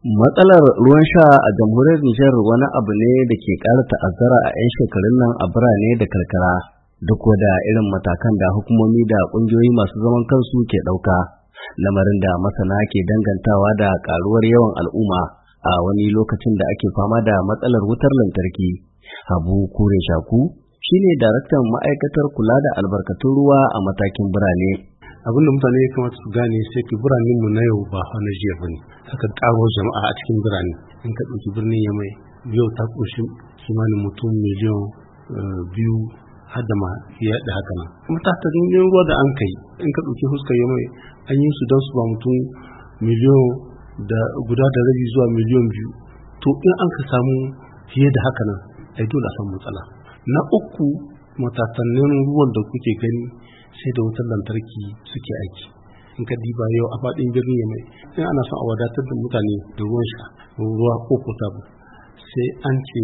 matsalar ruwan sha a jamhuriyar Nijar wani abu ne da ke ƙara ta'azzara a 'yan shekarun nan a birane da karkara duk da irin matakan da hukumomi da ƙungiyoyi masu zaman kansu ke ɗauka lamarin da masana ke dangantawa da ƙaruwar yawan al'umma a wani lokacin da ake fama da matsalar wutar lantarki habu kure shaku shine daraktan ma'aikatar kula da albarkatun ruwa a matakin birane abin da mutane ya kamata su gane sai ke biranen mu na yau ba na jiya bane haka karo jama'a a cikin birane in ka ɗauki birnin ya mai yau ta ƙoshi kimanin mutum miliyan eh, biyu hadama fiye ya da haka nan matatarin yin ruwa da an kai in ka ɗauki huskar ya mai an yi su don su ba mutum miliyan da guda da rabi zuwa miliyan biyu to in an ka samu fiye da haka nan ai dole a san matsala na uku matatanin ruwan da kuke gani sai da wutar lantarki suke aiki in ka diba yau a faɗin birni ya mai sai ana son a wadatar da mutane da ruwan sha ruwa ko potable sai an ce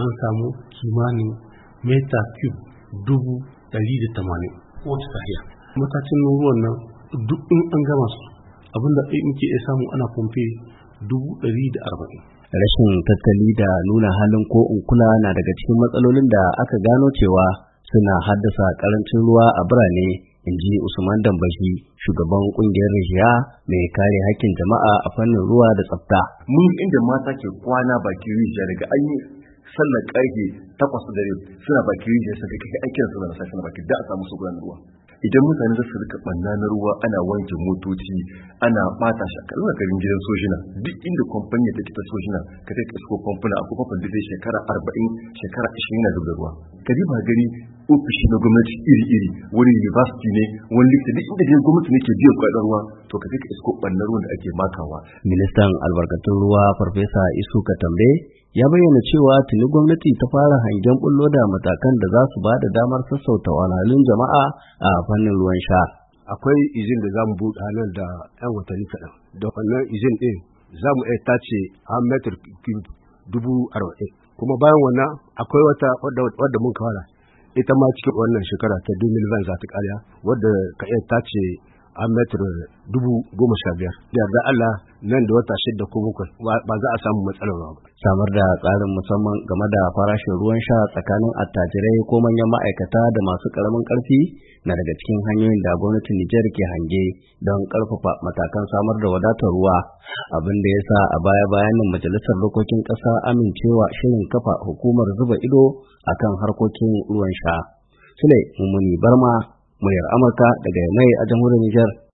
an samu kimanin meta cube dubu ɗari da tamanin wata tafiya matacin ruwan nan duk in an gama su abinda muke ya samu ana fomfe dubu ɗari da arba'in rashin tattali da nuna halin ko in kula na daga cikin matsalolin da aka gano cewa suna haddasa karancin ruwa a birane in ji usman dambashi shugaban kungiyar rijiya mai kare hakkin jama'a a fannin ruwa da tsafta mun inda mata ke kwana baki rijiya daga an yi sallar karfe takwas da dare suna bakin rijiya suka kai aikin su na sashen baki da a samu su gudanar ruwa idan mutane za su rika banna na ruwa ana wanke motoci ana bata shi a garin gidan sojina duk inda kwamfani ta ta sojina ka kai kasko kwamfuna a kwamfan da zai shekara arba'in shekara ashirin na zubda ruwa ka ba gari ofishi na gwamnati iri-iri wani university ne wani likita duk inda dai gwamnati ne ke biyan kwaɗar ruwa to ka take isko ɓannar ruwan da ake makawa. ministan albarkatun ruwa farfesa isu katambe ya bayyana cewa tuni gwamnati ta fara hangen bullo da matakan da za su ba da damar sassauta wahalhalun jama'a a fannin ruwan sha. akwai izin da za mu buɗe halin da 'yan watanni kaɗan da wannan izin ɗin za mu iya tace a metar dubu arba'in kuma bayan wannan akwai wata wadda mun kawara ita ma cikin wannan shekara ta 2020 za ta karya wadda ka iya tace a metar dubu goma sha biyar da Allah nan da wata shida ko bakwai ba za a samu matsalar ba samar da tsarin musamman game da farashin ruwan sha tsakanin attajirai ko manyan ma'aikata da masu karamin karfi na daga cikin hanyoyin da gwamnatin Nijar ke hange don karfafa matakan samar da wadatar ruwa abin da ya sa a baya bayanin majalisar dokokin ƙasa amincewa shirin kafa hukumar zuba ido akan harkokin ruwan sha. Sule Mumuni Barma muryar Amurka daga yanayi a jamhuriyar Nijar.